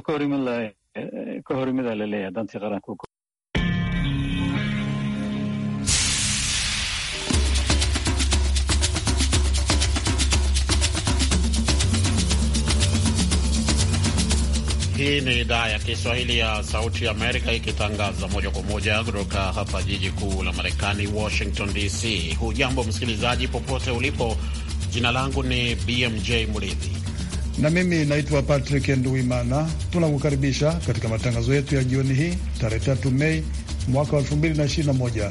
Hii ni idhaa ya Kiswahili ya Sauti ya Amerika ikitangaza moja kwa moja kutoka hapa jiji kuu la Marekani, Washington DC. Hujambo msikilizaji, popote ulipo. Jina langu ni BMJ Mridhi na mimi naitwa Patrick Nduimana. Tunakukaribisha katika matangazo yetu ya jioni hii tarehe tatu Mei mwaka wa elfu mbili na ishirini na moja.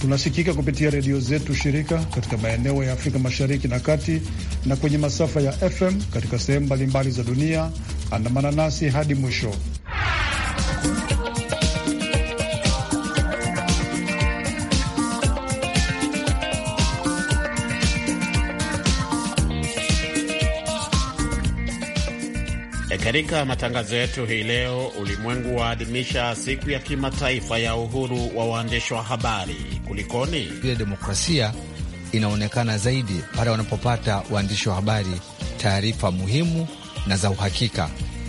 Tunasikika kupitia redio zetu shirika katika maeneo ya Afrika Mashariki na kati na kwenye masafa ya FM katika sehemu mbalimbali za dunia. Andamana nasi hadi mwisho. E, katika matangazo yetu hii leo, ulimwengu waadhimisha siku ya kimataifa ya uhuru wa waandishi wa habari. Kulikoni vile demokrasia inaonekana zaidi pale wanapopata waandishi wa habari taarifa muhimu na za uhakika,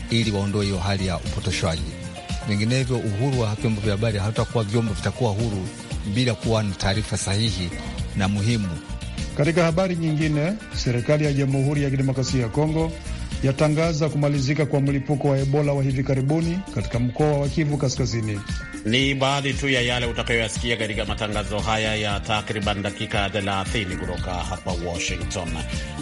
ili waondoe hiyo hali ya upotoshwaji. Vinginevyo uhuru wa vyombo vya habari hautakuwa, vyombo vitakuwa huru bila kuwa na taarifa sahihi na muhimu. Katika habari nyingine, serikali ya Jamhuri ya Kidemokrasia ya Kongo yatangaza kumalizika kwa mlipuko wa Ebola wa hivi karibuni katika mkoa wa Kivu Kaskazini. Ni baadhi tu ya yale utakayoyasikia katika matangazo haya ya takriban dakika 30 kutoka hapa Washington.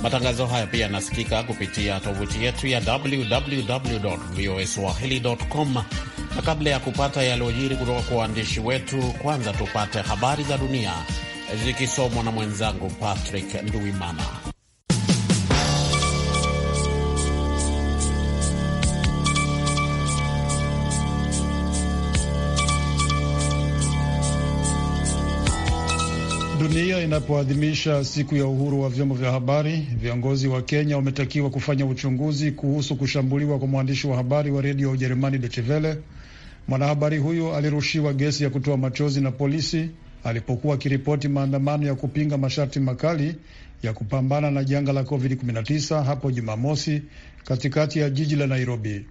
Matangazo haya pia yanasikika kupitia tovuti yetu ya www voa swahili.com, na kabla ya kupata yaliyojiri kutoka kwa waandishi wetu, kwanza tupate habari za dunia zikisomwa na mwenzangu Patrick nduimana Dunia inapoadhimisha siku ya uhuru wa vyombo vya habari, viongozi wa Kenya wametakiwa kufanya uchunguzi kuhusu kushambuliwa kwa mwandishi wa habari wa redio ya Ujerumani Deutsche Welle. Mwanahabari huyo alirushiwa gesi ya kutoa machozi na polisi alipokuwa akiripoti maandamano ya kupinga masharti makali ya kupambana na janga la COVID-19 hapo Jumamosi katikati ya jiji la Nairobi.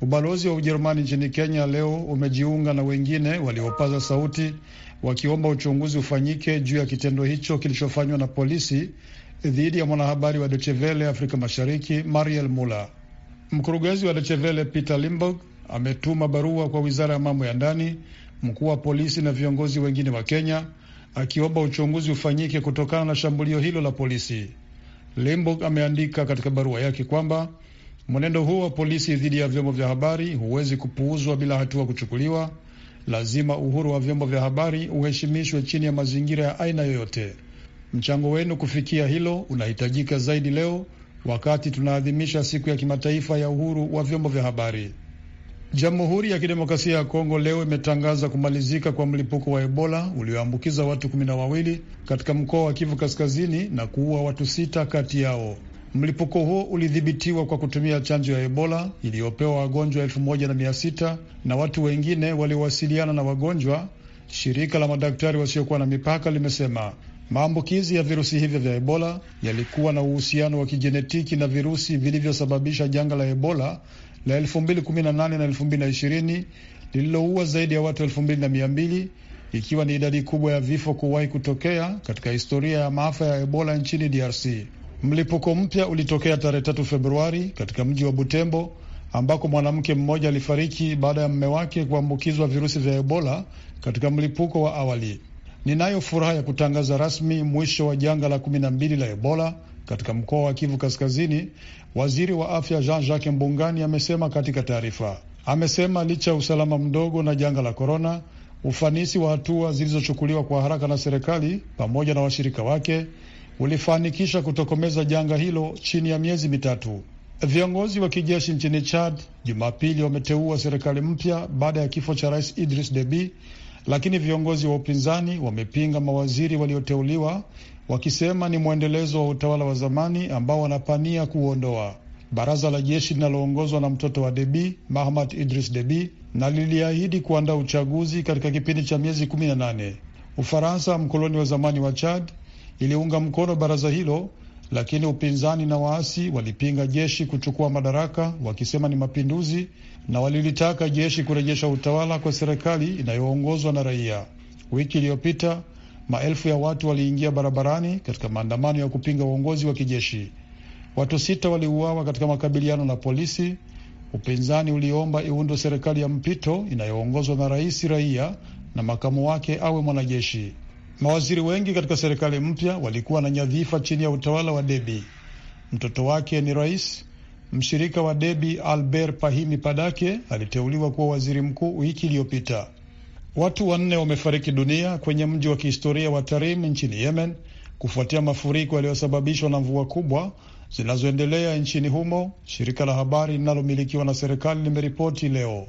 Ubalozi wa Ujerumani nchini Kenya leo umejiunga na wengine waliopaza sauti wakiomba uchunguzi ufanyike juu ya kitendo hicho kilichofanywa na polisi dhidi ya mwanahabari wa Dechevele Afrika Mashariki Mariel Mula. Mkurugenzi wa Dechevele Peter Limburg ametuma barua kwa wizara ya mambo ya ndani, mkuu wa polisi na viongozi wengine wa Kenya akiomba uchunguzi ufanyike kutokana na shambulio hilo la polisi. Limburg ameandika katika barua yake kwamba mwenendo huo wa polisi dhidi ya vyombo vya habari huwezi kupuuzwa bila hatua kuchukuliwa lazima uhuru wa vyombo vya habari uheshimishwe chini ya mazingira ya aina yoyote. Mchango wenu kufikia hilo unahitajika zaidi leo wakati tunaadhimisha siku ya kimataifa ya uhuru wa vyombo vya habari. Jamhuri ya Kidemokrasia ya Kongo leo imetangaza kumalizika kwa mlipuko wa Ebola ulioambukiza watu kumi na wawili katika mkoa wa Kivu Kaskazini na kuua watu sita kati yao. Mlipuko huo ulidhibitiwa kwa kutumia chanjo ya Ebola iliyopewa wagonjwa elfu moja na mia sita na watu wengine waliowasiliana na wagonjwa. Shirika la madaktari wasiokuwa na mipaka limesema maambukizi ya virusi hivyo vya Ebola yalikuwa na uhusiano wa kijenetiki na virusi vilivyosababisha janga la Ebola la 2018 na 2020 lililoua zaidi ya watu 2200 ikiwa ni idadi kubwa ya vifo kuwahi kutokea katika historia ya maafa ya Ebola nchini DRC. Mlipuko mpya ulitokea tarehe tatu Februari katika mji wa Butembo ambako mwanamke mmoja alifariki baada ya mme wake kuambukizwa virusi vya Ebola katika mlipuko wa awali. Ninayo furaha ya kutangaza rasmi mwisho wa janga la kumi na mbili la Ebola katika mkoa wa Kivu Kaskazini, waziri wa afya Jean Jacques Mbungani amesema katika taarifa. Amesema licha ya usalama mdogo na janga la korona, ufanisi wa hatua zilizochukuliwa kwa haraka na serikali pamoja na washirika wake ulifanikisha kutokomeza janga hilo chini ya miezi mitatu. Viongozi wa kijeshi nchini Chad Jumapili wameteua serikali mpya baada ya kifo cha rais Idris Deby, lakini viongozi wa upinzani wamepinga mawaziri walioteuliwa wakisema ni mwendelezo wa utawala wa zamani ambao wanapania kuuondoa. Baraza la jeshi linaloongozwa na mtoto wa Deby, Mahamat Idris Deby, na liliahidi kuandaa uchaguzi katika kipindi cha miezi 18. Ufaransa, mkoloni wa zamani wa Chad, iliunga mkono baraza hilo, lakini upinzani na waasi walipinga jeshi kuchukua madaraka wakisema ni mapinduzi, na walilitaka jeshi kurejesha utawala kwa serikali inayoongozwa na raia. Wiki iliyopita maelfu ya watu waliingia barabarani katika maandamano ya kupinga uongozi wa kijeshi. Watu sita waliuawa katika makabiliano na polisi. Upinzani uliomba iundwe serikali ya mpito inayoongozwa na rais raia na makamu wake awe mwanajeshi. Mawaziri wengi katika serikali mpya walikuwa na nyadhifa chini ya utawala wa Debi. Mtoto wake ni rais. Mshirika wa Debi Albert Pahimi Padake aliteuliwa kuwa waziri mkuu wiki iliyopita. Watu wanne wamefariki dunia kwenye mji wa kihistoria wa Tarim nchini Yemen kufuatia mafuriko yaliyosababishwa na mvua kubwa zinazoendelea nchini humo, shirika la habari linalomilikiwa na serikali limeripoti leo.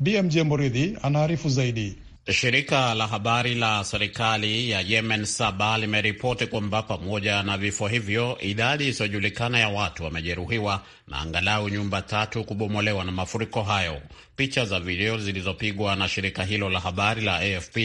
BMJ Moridhi anaarifu zaidi. Shirika la habari la serikali ya Yemen Saba limeripoti kwamba pamoja na vifo hivyo, idadi isiyojulikana ya watu wamejeruhiwa na angalau nyumba tatu kubomolewa na mafuriko hayo. Picha za video zilizopigwa na shirika hilo la habari la AFP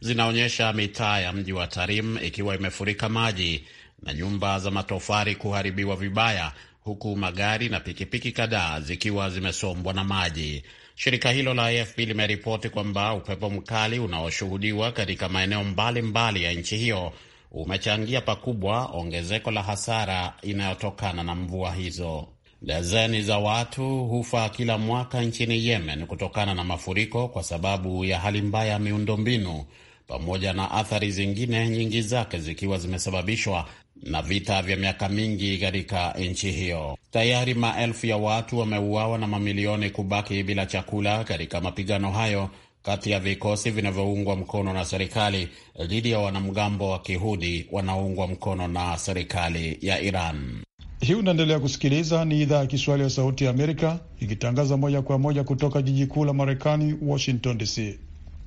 zinaonyesha mitaa ya mji wa Tarim ikiwa imefurika maji na nyumba za matofali kuharibiwa vibaya, huku magari na pikipiki kadhaa zikiwa zimesombwa na maji. Shirika hilo la AFP limeripoti kwamba upepo mkali unaoshuhudiwa katika maeneo mbalimbali ya nchi hiyo umechangia pakubwa ongezeko la hasara inayotokana na mvua hizo. Dazeni za watu hufa kila mwaka nchini Yemen kutokana na mafuriko kwa sababu ya hali mbaya ya miundombinu pamoja na athari zingine nyingi zake zikiwa zimesababishwa na vita vya miaka mingi katika nchi hiyo. Tayari maelfu ya watu wameuawa na mamilioni kubaki bila chakula katika mapigano hayo kati ya vikosi vinavyoungwa mkono na serikali dhidi ya wanamgambo wa kihudi wanaoungwa mkono na serikali ya Iran. Hii unaendelea kusikiliza, ni idhaa ya Kiswahili ya Sauti ya Amerika ikitangaza moja kwa moja kutoka jiji kuu la Marekani, Washington DC.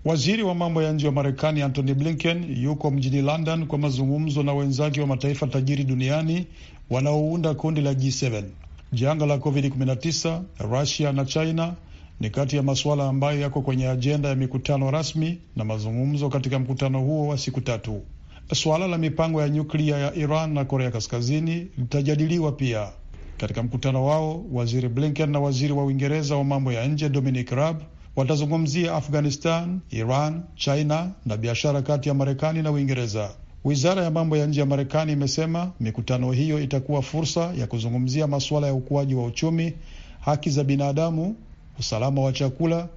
Waziri wa mambo ya nje wa Marekani Antony Blinken yuko mjini London kwa mazungumzo na wenzake wa mataifa tajiri duniani wanaounda kundi la G7. Janga la COVID-19, Rusia na China ni kati ya masuala ambayo yako kwenye ajenda ya mikutano rasmi na mazungumzo katika mkutano huo wa siku tatu. Suala la mipango ya nyuklia ya Iran na Korea Kaskazini litajadiliwa pia katika mkutano wao. Waziri Blinken na waziri wa Uingereza wa mambo ya nje Dominic Raab Watazungumzia Afghanistan, Iran, China na biashara kati ya Marekani na Uingereza. Wizara ya mambo ya nje ya Marekani imesema mikutano hiyo itakuwa fursa ya kuzungumzia masuala ya ukuaji wa uchumi, haki za binadamu, usalama wa chakula,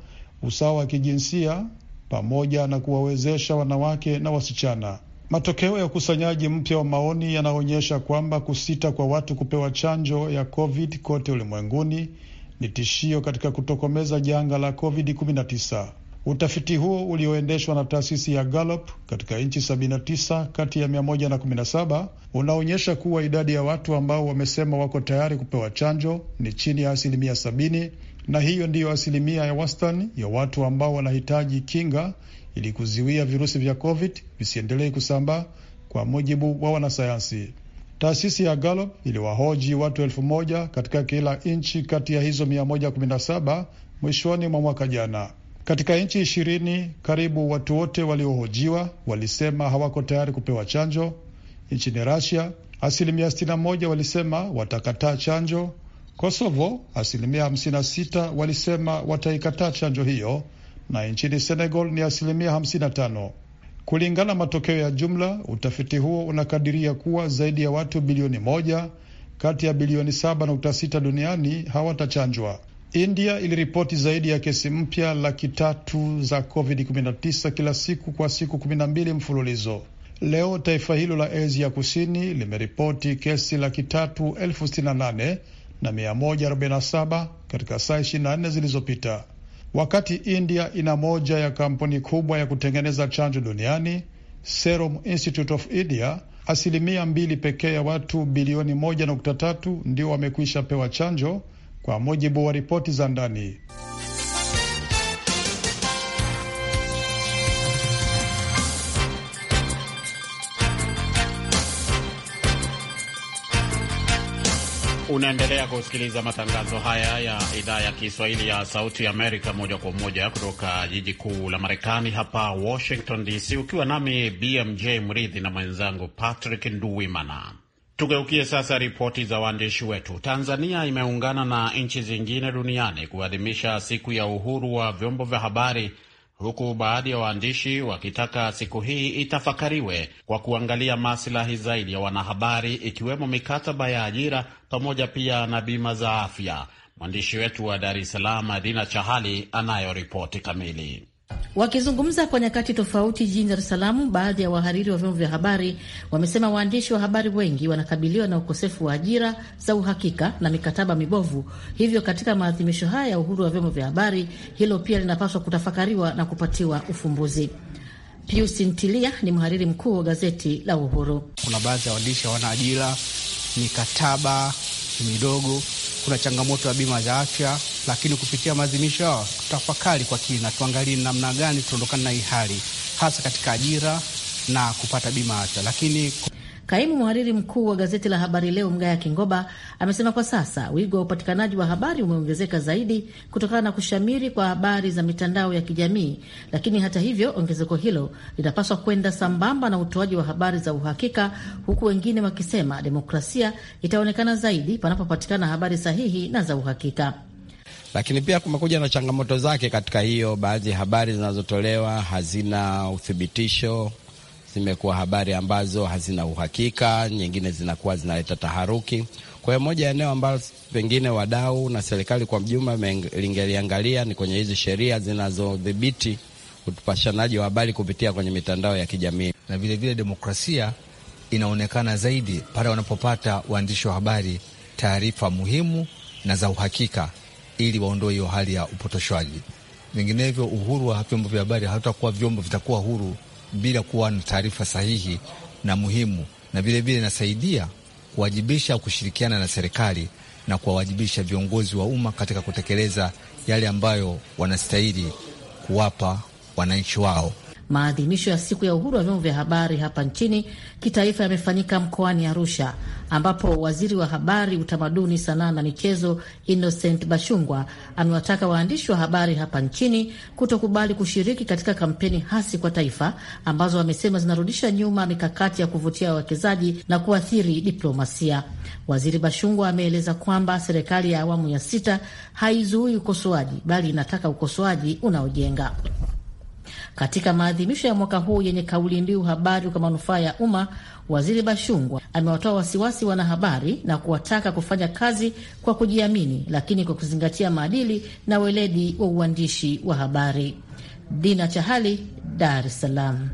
usawa wa kijinsia pamoja na kuwawezesha wanawake na wasichana. Matokeo ya ukusanyaji mpya wa maoni yanaonyesha kwamba kusita kwa watu kupewa chanjo ya COVID kote ulimwenguni ni tishio katika kutokomeza janga la COVID-19. Utafiti huo ulioendeshwa na taasisi ya Gallup katika nchi 79 kati ya 117 unaonyesha kuwa idadi ya watu ambao wamesema wako tayari kupewa chanjo ni chini ya asilimia 70, na hiyo ndiyo asilimia ya wastani ya watu ambao wanahitaji kinga ili kuziwia virusi vya COVID visiendelei kusambaa, kwa mujibu wa wanasayansi. Taasisi ya Gallup iliwahoji watu elfu moja katika kila nchi kati ya hizo 117 mwishoni mwa mwaka jana. Katika nchi ishirini, karibu watu wote waliohojiwa walisema hawako tayari kupewa chanjo. Nchini Rasia, asilimia 61 walisema watakataa chanjo. Kosovo, asilimia 56 walisema wataikataa chanjo hiyo, na nchini Senegal ni asilimia 55. Kulingana na matokeo ya jumla, utafiti huo unakadiria kuwa zaidi ya watu bilioni moja kati ya bilioni saba nukta sita duniani hawatachanjwa. India iliripoti zaidi ya kesi mpya laki tatu za COVID-19 kila siku kwa siku 12 mfululizo. Leo taifa hilo la Asia Kusini limeripoti kesi laki tatu elfu sitini na nane na mia moja arobaini na saba katika saa 24 zilizopita. Wakati India ina moja ya kampuni kubwa ya kutengeneza chanjo duniani, Serum Institute of India, asilimia mbili pekee ya watu bilioni moja nukta tatu ndio wamekwisha pewa chanjo, kwa mujibu wa ripoti za ndani. Unaendelea kusikiliza matangazo haya ya idhaa ya Kiswahili ya Sauti ya Amerika moja kwa moja kutoka jiji kuu la Marekani hapa Washington DC, ukiwa nami BMJ Mridhi na mwenzangu Patrick Nduwimana. Tugeukie sasa ripoti za waandishi wetu. Tanzania imeungana na nchi zingine duniani kuadhimisha siku ya uhuru wa vyombo vya habari huku baadhi ya waandishi wakitaka siku hii itafakariwe kwa kuangalia maslahi zaidi ya wanahabari, ikiwemo mikataba ya ajira pamoja pia na bima za afya. Mwandishi wetu wa Dar es Salaam dina Chahali anayo ripoti kamili. Wakizungumza kwa nyakati tofauti jijini Dar es Salaam, baadhi ya wahariri wa vyombo vya habari wamesema waandishi wa habari wengi wanakabiliwa na ukosefu wa ajira za uhakika na mikataba mibovu. Hivyo, katika maadhimisho haya ya uhuru wa vyombo vya habari, hilo pia linapaswa kutafakariwa na kupatiwa ufumbuzi. Pius Ntilia ni mhariri mkuu wa gazeti la Uhuru. Kuna baadhi ya waandishi hawana ajira, mikataba midogo kuna changamoto ya bima za afya, lakini kupitia maadhimisho hayo tutafakari kwa kina, tuangalie namna gani tutaondokana na hii hali, hasa katika ajira na kupata bima afya, lakini Kaimu mhariri mkuu wa gazeti la Habari Leo, Mgaya Kingoba, amesema kwa sasa wigo wa upatikanaji wa habari umeongezeka zaidi kutokana na kushamiri kwa habari za mitandao ya kijamii, lakini hata hivyo ongezeko hilo linapaswa kwenda sambamba na utoaji wa habari za uhakika, huku wengine wakisema demokrasia itaonekana zaidi panapopatikana habari sahihi na za uhakika lakini pia kumekuja na changamoto zake katika hiyo. Baadhi ya habari zinazotolewa hazina uthibitisho, zimekuwa habari ambazo hazina uhakika, nyingine zinakuwa zinaleta taharuki. Kwa hiyo moja ya eneo ambalo pengine wadau na serikali kwa mjumla lingeliangalia ni kwenye hizi sheria zinazodhibiti upashanaji wa habari kupitia kwenye mitandao ya kijamii, na vilevile vile demokrasia inaonekana zaidi pale wanapopata waandishi wa habari taarifa muhimu na za uhakika, ili waondoe hiyo hali ya upotoshwaji. Vinginevyo uhuru wa vyombo vya habari hautakuwa, vyombo vitakuwa huru bila kuwa na taarifa sahihi na muhimu, na vilevile inasaidia kuwajibisha, kushirikiana na serikali na kuwawajibisha viongozi wa umma katika kutekeleza yale ambayo wanastahili kuwapa wananchi wao. Maadhimisho ya siku ya uhuru wa vyombo vya habari hapa nchini kitaifa yamefanyika mkoani Arusha, ambapo waziri wa habari, utamaduni, sanaa na michezo Innocent Bashungwa amewataka waandishi wa habari hapa nchini kutokubali kushiriki katika kampeni hasi kwa taifa ambazo wamesema zinarudisha nyuma mikakati ya kuvutia wawekezaji na kuathiri diplomasia. Waziri Bashungwa ameeleza kwamba serikali ya awamu ya sita haizuii ukosoaji, bali inataka ukosoaji unaojenga. Katika maadhimisho ya mwaka huu yenye kauli mbiu habari kwa manufaa ya umma, Waziri Bashungwa amewatoa wasiwasi wanahabari na kuwataka kufanya kazi kwa kujiamini, lakini kwa kuzingatia maadili na weledi wa uandishi wa habari. Dina Chahali, Dar es Salaam.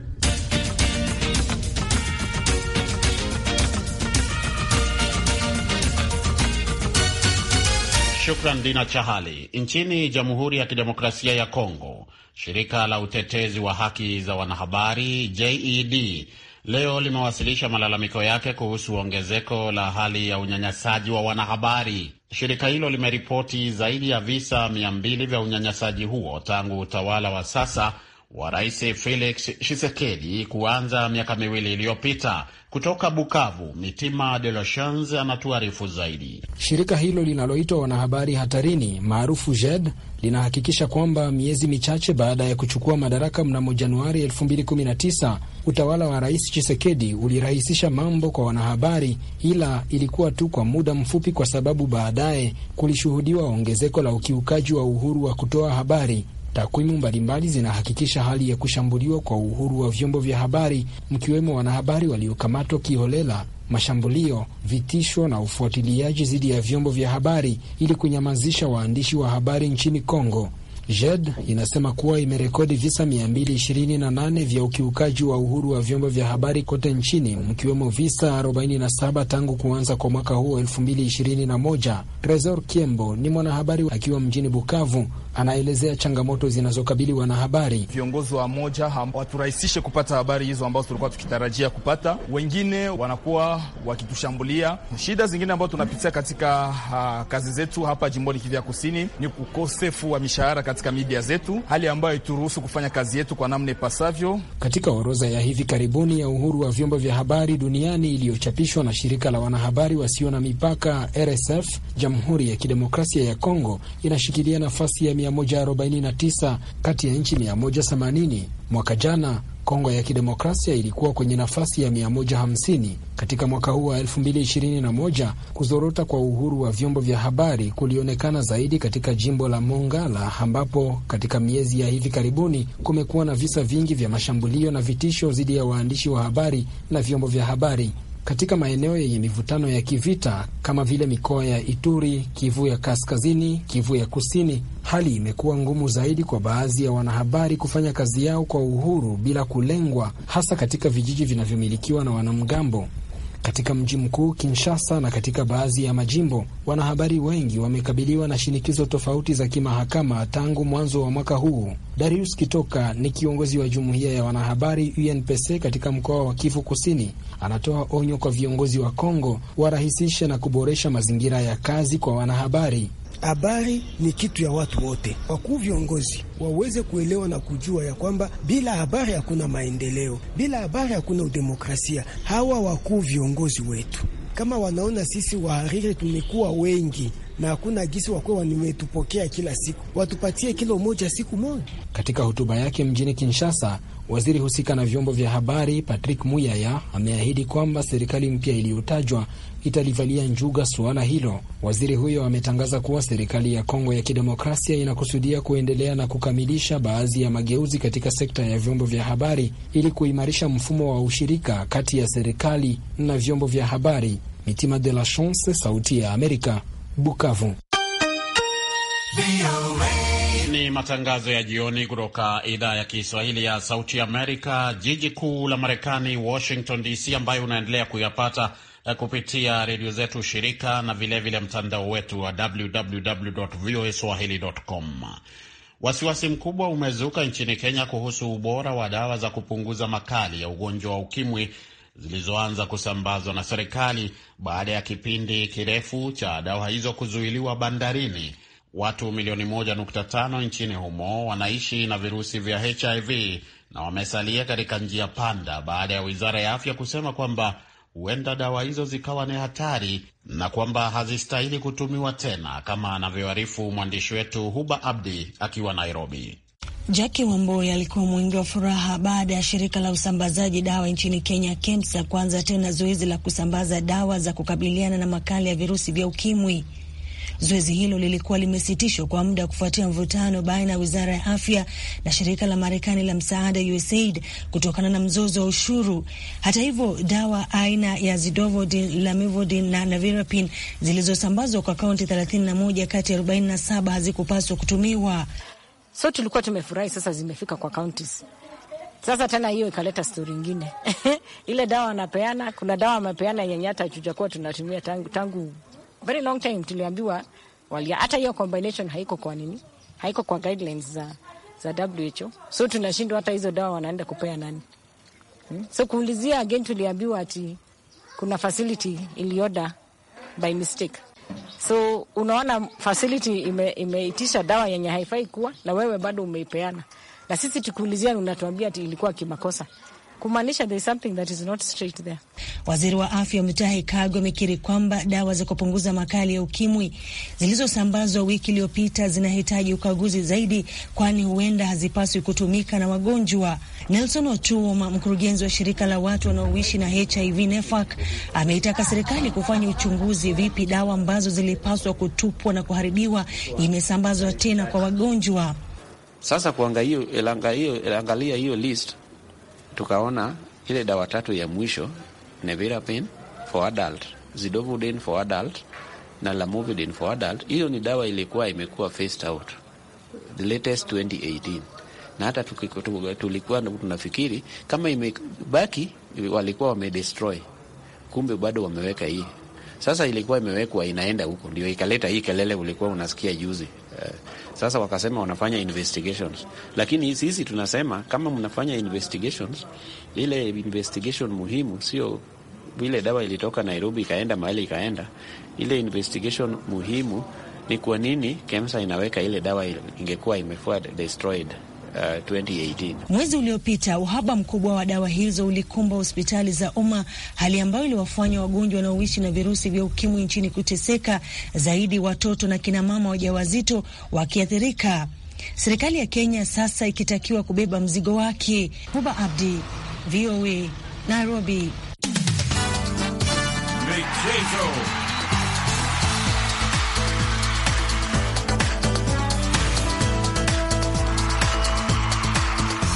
Shukran Dina Chahali. Nchini Jamhuri ya Kidemokrasia ya Kongo, Shirika la utetezi wa haki za wanahabari JED leo limewasilisha malalamiko yake kuhusu ongezeko la hali ya unyanyasaji wa wanahabari. Shirika hilo limeripoti zaidi ya visa 200 vya unyanyasaji huo tangu utawala wa sasa wa Rais Felix Tshisekedi kuanza miaka miwili iliyopita. Kutoka Bukavu, Mitima de Lachans anatuarifu zaidi. Shirika hilo linaloitwa Wanahabari Hatarini maarufu JED linahakikisha kwamba miezi michache baada ya kuchukua madaraka mnamo Januari 2019 utawala wa Rais Chisekedi ulirahisisha mambo kwa wanahabari, ila ilikuwa tu kwa muda mfupi, kwa sababu baadaye kulishuhudiwa ongezeko la ukiukaji wa uhuru wa kutoa habari Takwimu mbalimbali zinahakikisha hali ya kushambuliwa kwa uhuru wa vyombo vya habari, mkiwemo wanahabari waliokamatwa kiholela, mashambulio, vitisho na ufuatiliaji dhidi ya vyombo vya habari ili kunyamazisha waandishi wa habari nchini Kongo. JED inasema kuwa imerekodi visa 228 vya ukiukaji wa uhuru wa vyombo vya habari kote nchini, mkiwemo visa 47 tangu kuanza kwa mwaka huu 2021. Tresor Kiembo ni mwanahabari akiwa mjini Bukavu anaelezea changamoto zinazokabili wanahabari. Viongozi wa moja hawaturahisishe kupata habari hizo ambazo tulikuwa tukitarajia kupata, wengine wanakuwa wakitushambulia. Shida zingine ambazo tunapitia katika uh, kazi zetu hapa jimboni Kivu ya Kusini ni ukosefu wa mishahara katika midia zetu, hali ambayo ituruhusu kufanya kazi yetu kwa namna ipasavyo. Katika orodha ya hivi karibuni ya uhuru wa vyombo vya habari duniani iliyochapishwa na shirika la wanahabari wasio na mipaka RSF, Jamhuri ya Kidemokrasia ya Kongo inashikilia nafasi ya 149 kati ya nchi 180. Mwaka jana Kongo ya Kidemokrasia ilikuwa kwenye nafasi ya 150 katika mwaka huu wa 2021. Kuzorota kwa uhuru wa vyombo vya habari kulionekana zaidi katika jimbo la Mongala, ambapo katika miezi ya hivi karibuni kumekuwa na visa vingi vya mashambulio na vitisho dhidi ya waandishi wa habari na vyombo vya habari katika maeneo yenye mivutano ya kivita kama vile mikoa ya Ituri, Kivu ya Kaskazini, Kivu ya Kusini, hali imekuwa ngumu zaidi kwa baadhi ya wanahabari kufanya kazi yao kwa uhuru bila kulengwa, hasa katika vijiji vinavyomilikiwa na wanamgambo katika mji mkuu Kinshasa na katika baadhi ya majimbo. Wanahabari wengi wamekabiliwa na shinikizo tofauti za kimahakama tangu mwanzo wa mwaka huu. Darius Kitoka ni kiongozi wa jumuiya ya wanahabari UNPC katika mkoa wa Kivu Kusini. Anatoa onyo kwa viongozi wa Kongo warahisishe na kuboresha mazingira ya kazi kwa wanahabari habari ni kitu ya watu wote, wakuu viongozi waweze kuelewa na kujua ya kwamba bila habari hakuna maendeleo, bila habari hakuna udemokrasia. Hawa wakuu viongozi wetu kama wanaona sisi wahariri tumekuwa wengi na hakuna gisi wakuwa wanimetupokea kila siku, watupatie kilo moja siku moja. Katika hotuba yake mjini Kinshasa, waziri husika na vyombo vya habari Patrick Muyaya ameahidi kwamba serikali mpya iliyotajwa italivalia njuga suala hilo. Waziri huyo ametangaza kuwa serikali ya Kongo ya Kidemokrasia inakusudia kuendelea na kukamilisha baadhi ya mageuzi katika sekta ya vyombo vya habari ili kuimarisha mfumo wa ushirika kati ya serikali na vyombo vya habari. Mitima de la Chance, Sauti ya Amerika, Bukavu. Ni matangazo ya jioni kutoka idhaa ya Kiswahili ya Sauti Amerika, jiji kuu la Marekani, Washington DC, ambayo unaendelea kuyapata Eh, kupitia redio zetu shirika na vilevile mtandao wetu wa www.voaswahili.com. Wasiwasi mkubwa umezuka nchini Kenya kuhusu ubora wa dawa za kupunguza makali ya ugonjwa wa ukimwi zilizoanza kusambazwa na serikali baada ya kipindi kirefu cha dawa hizo kuzuiliwa bandarini. Watu milioni 1.5 nchini humo wanaishi na virusi vya HIV na wamesalia katika njia panda baada ya wizara ya afya kusema kwamba huenda dawa hizo zikawa ni hatari na kwamba hazistahili kutumiwa tena, kama anavyoarifu mwandishi wetu Huba Abdi akiwa Nairobi. Jackie Wamboi alikuwa mwingi wa furaha baada ya shirika la usambazaji dawa nchini Kenya, KEMSA, kuanza tena zoezi la kusambaza dawa za kukabiliana na makali ya virusi vya ukimwi. Zoezi hilo lilikuwa limesitishwa kwa muda kufuatia mvutano baina ya wizara ya afya na shirika la Marekani la msaada USAID kutokana na mzozo wa ushuru. Hata hivyo, dawa aina ya Zidovudin, Lamivudin na navirapin zilizosambazwa kwa kaunti 31 kati ya 47 hazikupaswa kutumiwa. So tulikuwa tumefurahi, sasa zimefika kwa counties. Sasa tena hiyo ikaleta stori ingine ile dawa anapeana, kuna dawa amepeana yenye hata tujakuwa tunatumia tangu, tangu very long time tuliambiwa walia, hata hiyo combination haiko kwa nini, haiko kwa guidelines za za WHO, so tunashindwa hata hizo dawa wanaenda kupea nani? Hmm? So kuulizia again, tuliambiwa ati kuna facility ilioda by mistake. So unaona facility ime, imeitisha dawa yenye haifai kuwa na wewe bado umeipeana, na sisi tukuulizia, unatuambia ati ilikuwa kimakosa kumaanisha there is something that is not straight there. Waziri wa afya Mutahi Kagwe amekiri kwamba dawa za kupunguza makali ya ukimwi zilizosambazwa wiki iliyopita zinahitaji ukaguzi zaidi, kwani huenda hazipaswi kutumika na wagonjwa. Nelson Otuoma, mkurugenzi wa shirika la watu wanaoishi na HIV NEFAC, ameitaka serikali kufanya uchunguzi vipi dawa ambazo zilipaswa kutupwa na kuharibiwa imesambazwa tena kwa wagonjwa. Sasa kuangalia hiyo list tukaona ile dawa tatu ya mwisho nevirapin for adult, zidovudin for adult na lamovidin for adult. Hiyo ni dawa ilikuwa imekuwa phased out the latest 2018 na hata tulikuwa tunafikiri kama imebaki walikuwa wamedestroy, kumbe bado wameweka hii. Sasa ilikuwa imewekwa inaenda huko, ndio ikaleta hii kelele ulikuwa unasikia juzi. Eh, sasa wakasema wanafanya investigations, lakini sisi tunasema kama mnafanya investigations, ile investigation muhimu sio ile dawa ilitoka Nairobi ikaenda mahali ikaenda. Ile investigation muhimu ni kwa nini KEMSA inaweka ile dawa, ingekuwa imefua destroyed 2018. Uh, Mwezi uliopita uhaba mkubwa wa dawa hizo ulikumba hospitali za umma, hali ambayo iliwafanya wagonjwa wanaoishi na virusi vya ukimwi nchini kuteseka zaidi, watoto na kinamama wajawazito wakiathirika. Serikali ya Kenya sasa ikitakiwa kubeba mzigo wake. Huba Abdi, VOA, Nairobi. Michezo.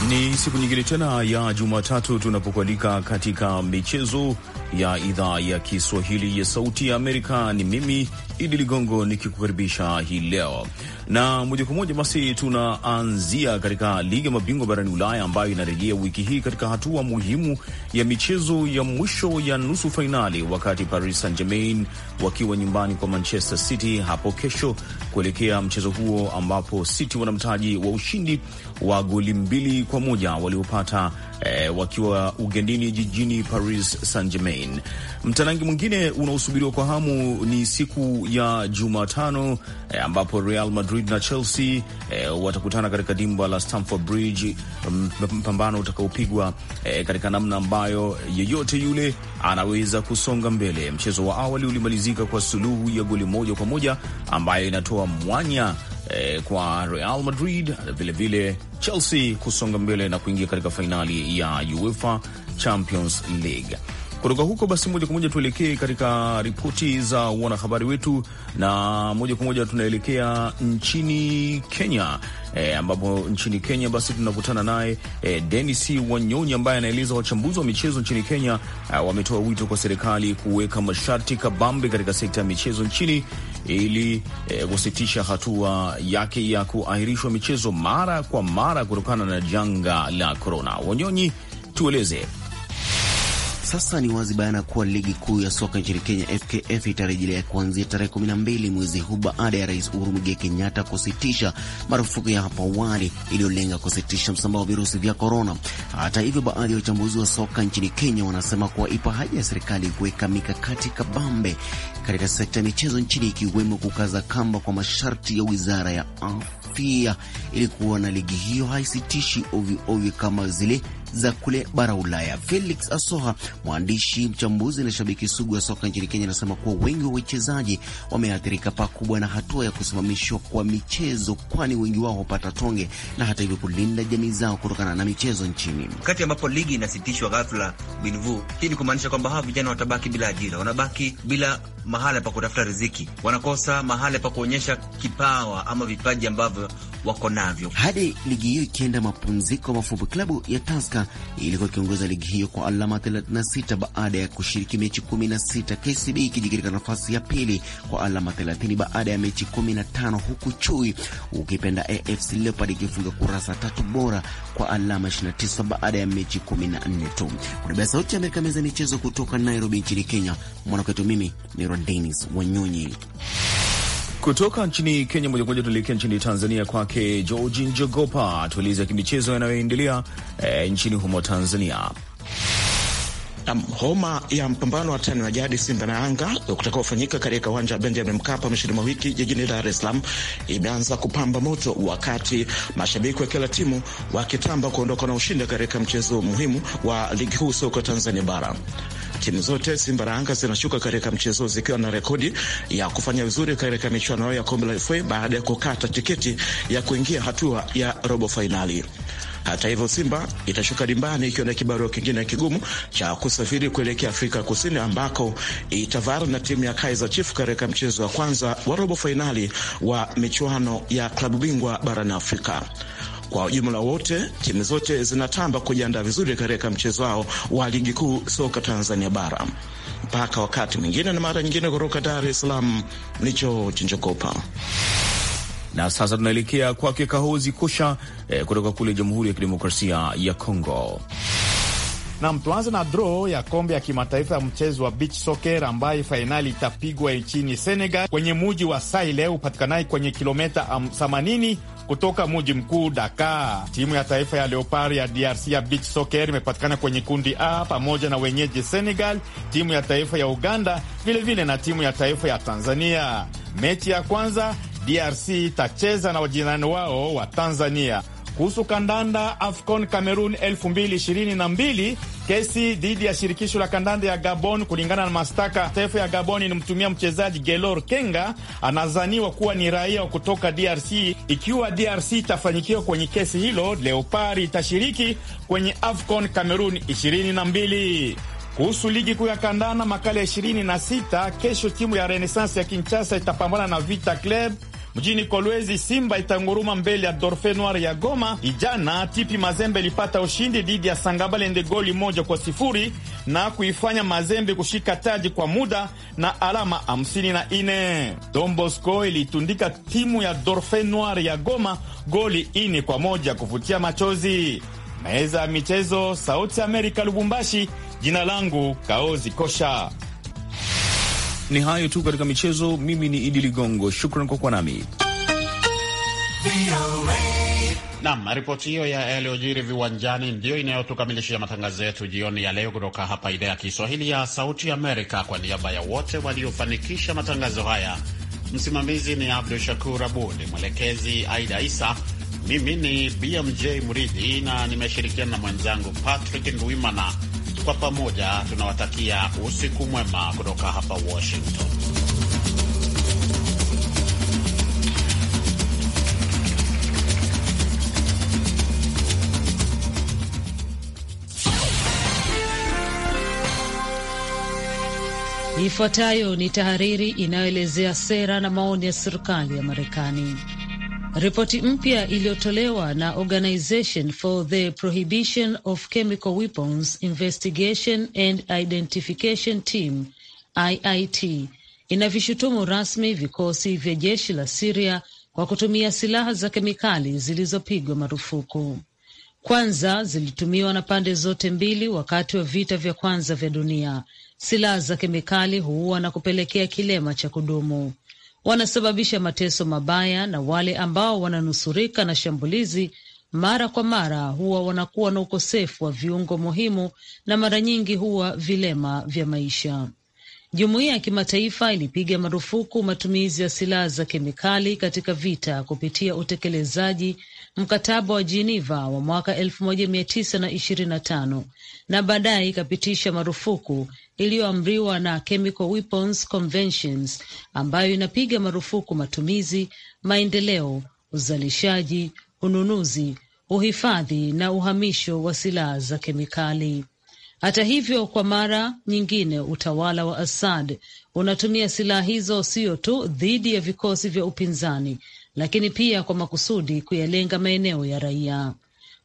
Ni siku nyingine tena ya Jumatatu tunapokualika katika michezo ya idhaa ya Kiswahili ya Sauti ya Amerika. Ni mimi Idi Ligongo nikikukaribisha hii leo na moja kwa moja. Basi tunaanzia katika ligi ya mabingwa barani Ulaya ambayo inarejea wiki hii katika hatua muhimu ya michezo ya mwisho ya nusu fainali, wakati Paris Saint Germain wakiwa nyumbani kwa Manchester City hapo kesho kuelekea mchezo huo, ambapo City wana mtaji wa ushindi wa goli mbili kwa moja waliopata eh, wakiwa ugenini jijini Paris Saint Germain. mtanangi mwingine unaosubiriwa kwa hamu ni siku ya Jumatano eh, ambapo Real Madrid na Chelsea eh, watakutana katika dimba la Stamford Bridge, mpambano utakaopigwa eh, katika namna ambayo yeyote yule anaweza kusonga mbele. Mchezo wa awali ulimalizika kwa suluhu ya goli moja kwa moja ambayo inatoa mwanya eh, kwa Real Madrid vilevile Chelsea kusonga mbele na kuingia katika fainali ya UEFA Champions League. Kutoka huko basi, moja kwa moja tuelekee katika ripoti za wanahabari wetu, na moja kwa moja tunaelekea nchini Kenya e, ambapo nchini Kenya basi tunakutana naye e, eh, Denis Wanyonyi ambaye anaeleza wachambuzi wa michezo nchini Kenya eh, wametoa wito kwa serikali kuweka masharti kabambe katika sekta ya michezo nchini ili e, kusitisha hatua yake ya kuahirishwa michezo mara kwa mara kutokana na janga la korona. Wanyonyi, tueleze sasa ni wazi bayana kuwa ligi kuu ya soka nchini Kenya FKF itarejelea kuanzia tarehe 12 mwezi huu baada ya Rais Uhuru Muigai Kenyatta kusitisha marufuku ya hapo awali iliyolenga kusitisha msambao wa virusi vya korona. Hata hivyo, baadhi ya wachambuzi wa soka nchini Kenya wanasema kuwa ipo haja ya serikali kuweka mikakati kabambe katika sekta ya michezo nchini, ikiwemo kukaza kamba kwa masharti ya wizara ya afya ili kuona ligi hiyo haisitishi ovyo ovyo kama zile za kule bara Ulaya. Felix Asoha, mwandishi mchambuzi na shabiki sugu ya soka nchini Kenya, anasema kuwa wengi wa wachezaji wameathirika pakubwa na hatua ya kusimamishwa kwa michezo, kwani wengi wao hupata tonge na hata hivyo kulinda jamii zao kutokana na michezo nchini. Wakati ambapo ligi inasitishwa ghafla binvu, hii ni kumaanisha kwamba hawa vijana watabaki bila ajira, wanabaki bila mahala pa kutafuta riziki, wanakosa mahala pa kuonyesha kipawa ama vipaji ambavyo wako navyo, hadi ligi hiyo ikienda mapumziko mafupi. Klabu ya Taska Uingereza ilikuwa ikiongoza ligi hiyo kwa alama 36 baada ya kushiriki mechi 16, KCB ikijikiri katika nafasi ya pili kwa alama 30 baada ya mechi 15, huku Chui ukipenda AFC Leopard ikifunga kurasa tatu bora kwa alama 29 baada ya mechi 14 tu. Kuna Sauti ya Amerika, meza michezo kutoka Nairobi nchini Kenya, mwanakwetu mimi ni Denis Wanyonyi. Kutoka nchini Kenya moja kwa moja tuelekea nchini Tanzania, kwake Georgi Njogopa, tueleze kimichezo yanayoendelea e, nchini humo Tanzania. Um, homa ya mpambano wa tani wa jadi Simba na Yanga utakaofanyika katika uwanja wa Benjamin Mkapa mwishoni mwa wiki jijini Dar es Salaam imeanza kupamba moto, wakati mashabiki wa kila timu wakitamba kuondoka na ushindi katika mchezo muhimu wa ligi kuu soka Tanzania bara. Timu zote Simba na Yanga zinashuka katika mchezo zikiwa na rekodi ya kufanya vizuri katika michuano ya kombe la FA baada ya kukata tiketi ya kuingia hatua ya robo fainali. Hata hivyo Simba itashuka dimbani ikiwa na kibarua kingine kigumu cha kusafiri kuelekea Afrika Kusini, ambako itavara na timu ya Kaizer Chiefs katika mchezo wa kwanza wa robo fainali wa michuano ya klabu bingwa barani Afrika. Kwa ujumla wote, timu zote zinatamba kujiandaa vizuri katika mchezo wao wa ligi kuu soka Tanzania bara. Mpaka wakati mwingine na mara nyingine, kutoka Dar es Salaam ni George Njogopa. Na sasa tunaelekea kwake Kahozi Kosha eh, kutoka kule Jamhuri ya Kidemokrasia ya Kongo. Nam, tuanze na draw ya kombe ya kimataifa ya mchezo wa beach soccer ambayo fainali itapigwa nchini Senegal kwenye muji wa Saile upatikanaye kwenye kilomita 80 um, kutoka mji mkuu Dakar, timu ya taifa ya Leopard ya DRC ya beach soccer imepatikana kwenye kundi A pamoja na wenyeji Senegal, timu ya taifa ya Uganda vilevile vile na timu ya taifa ya Tanzania. Mechi ya kwanza DRC itacheza na wajirani wao wa Tanzania kuhusu kandanda AFCON Cameroon 2022 kesi dhidi ya shirikisho la kandanda ya Gabon kulingana na mashtaka taifa ya Gabon inamtumia mchezaji Gelor Kenga anazaniwa kuwa ni raia wa kutoka DRC. Ikiwa DRC itafanyikiwa kwenye kesi hilo, Leopard itashiriki kwenye AFCON Cameroon 22. Kuhusu ligi kuu ya kandanda makala ya 26, kesho timu ya Renaissance ya Kinshasa itapambana na Vita Club Mjini Kolwezi, Simba itanguruma mbele ya Dorfe Noir ya Goma. Ijana Tipi Mazembe ilipata ushindi dhidi ya Sangabalende goli moja kwa sifuri na kuifanya Mazembe kushika taji kwa muda na alama ine. Dombosco ilitundika timu ya Dorfe Noir ya Goma goli ine kwa moja kuvutia machozi. Meza ya michezo, Sauti Amerika, Lubumbashi. Jina langu Kaozi Kosha. Ni hayo tu katika michezo. Mimi ni Idi Ligongo, shukran kwa kuwa nami. Nam, ripoti hiyo ya yaliyojiri viwanjani ndiyo inayotukamilishia matangazo yetu jioni ya leo kutoka hapa idhaa ya Kiswahili ya Sauti Amerika. Kwa niaba ya wote waliofanikisha matangazo haya, msimamizi ni Abdu Shakur Abud, mwelekezi Aida Isa, mimi ni BMJ Muridhi na nimeshirikiana na mwenzangu Patrick Ndwimana. Kwa pamoja tunawatakia usiku mwema kutoka hapa Washington. Ifuatayo ni tahariri inayoelezea sera na maoni ya serikali ya Marekani. Ripoti mpya iliyotolewa na Organization for the Prohibition of Chemical Weapons Investigation and Identification Team IIT inavishutumu rasmi vikosi vya jeshi la Siria kwa kutumia silaha za kemikali zilizopigwa marufuku. Kwanza zilitumiwa na pande zote mbili wakati wa vita vya kwanza vya dunia. Silaha za kemikali huua na kupelekea kilema cha kudumu wanasababisha mateso mabaya, na wale ambao wananusurika na shambulizi mara kwa mara huwa wanakuwa na ukosefu wa viungo muhimu na mara nyingi huwa vilema vya maisha. Jumuiya ya kimataifa ilipiga marufuku matumizi ya silaha za kemikali katika vita kupitia utekelezaji mkataba wa Geneva wa mwaka 1925 na baadaye ikapitisha marufuku iliyoamriwa na Chemical Weapons Conventions ambayo inapiga marufuku matumizi, maendeleo, uzalishaji, ununuzi, uhifadhi na uhamisho wa silaha za kemikali. Hata hivyo, kwa mara nyingine utawala wa Assad unatumia silaha hizo sio tu dhidi ya vikosi vya upinzani lakini pia kwa makusudi kuyalenga maeneo ya raia.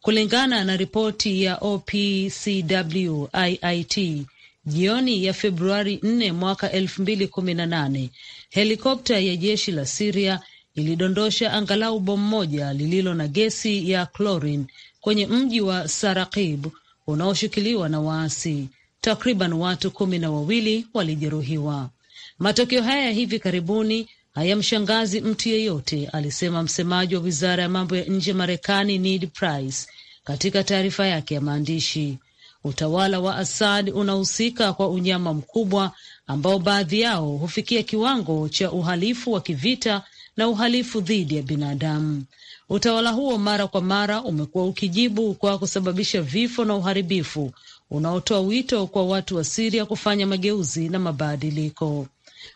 Kulingana na ripoti ya OPCW-IIT jioni ya Februari 4 mwaka 2018 helikopta ya jeshi la Siria ilidondosha angalau bomu moja lililo na gesi ya chlorine kwenye mji wa Sarakib unaoshikiliwa na waasi. Takriban watu kumi na wawili walijeruhiwa. Matokeo haya hivi karibuni hayamshangazi mtu yeyote, alisema msemaji wa wizara ya mambo ya nje Marekani Ned Price katika taarifa yake ya maandishi. Utawala wa Assad unahusika kwa unyama mkubwa ambao baadhi yao hufikia kiwango cha uhalifu wa kivita na uhalifu dhidi ya binadamu. Utawala huo mara kwa mara umekuwa ukijibu kwa kusababisha vifo na uharibifu unaotoa wito kwa watu wa Siria kufanya mageuzi na mabadiliko.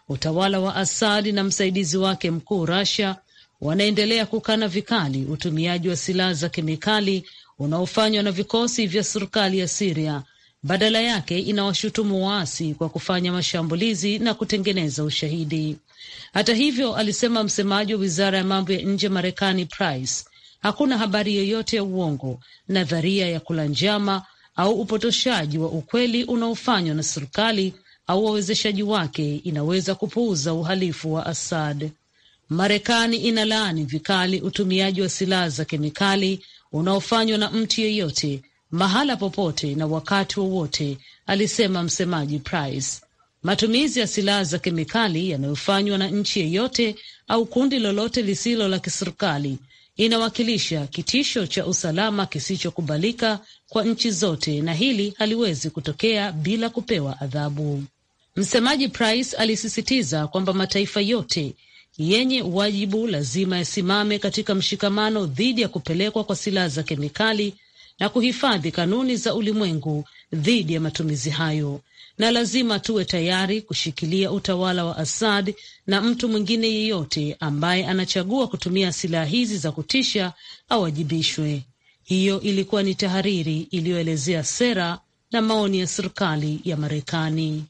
Utawala wa Asadi na msaidizi wake mkuu Rasia wanaendelea kukana vikali utumiaji wa silaha za kemikali unaofanywa na vikosi vya serikali ya Siria. Badala yake inawashutumu waasi kwa kufanya mashambulizi na kutengeneza ushahidi. Hata hivyo, alisema msemaji wa wizara ya mambo ya nje Marekani Price, hakuna habari yoyote ya uongo, nadharia ya kula njama au upotoshaji wa ukweli unaofanywa na serikali au wawezeshaji wake inaweza kupuuza uhalifu wa Assad. Marekani inalaani vikali utumiaji wa silaha za kemikali unaofanywa na mtu yeyote mahala popote na wakati wowote, alisema msemaji Price. Matumizi ya silaha za kemikali yanayofanywa na nchi yeyote au kundi lolote lisilo la kiserikali inawakilisha kitisho cha usalama kisichokubalika kwa nchi zote, na hili haliwezi kutokea bila kupewa adhabu. Msemaji Price alisisitiza kwamba mataifa yote yenye wajibu lazima yasimame katika mshikamano dhidi ya kupelekwa kwa silaha za kemikali na kuhifadhi kanuni za ulimwengu dhidi ya matumizi hayo, na lazima tuwe tayari kushikilia utawala wa Assad na mtu mwingine yeyote ambaye anachagua kutumia silaha hizi za kutisha awajibishwe. Hiyo ilikuwa ni tahariri iliyoelezea sera na maoni ya serikali ya Marekani.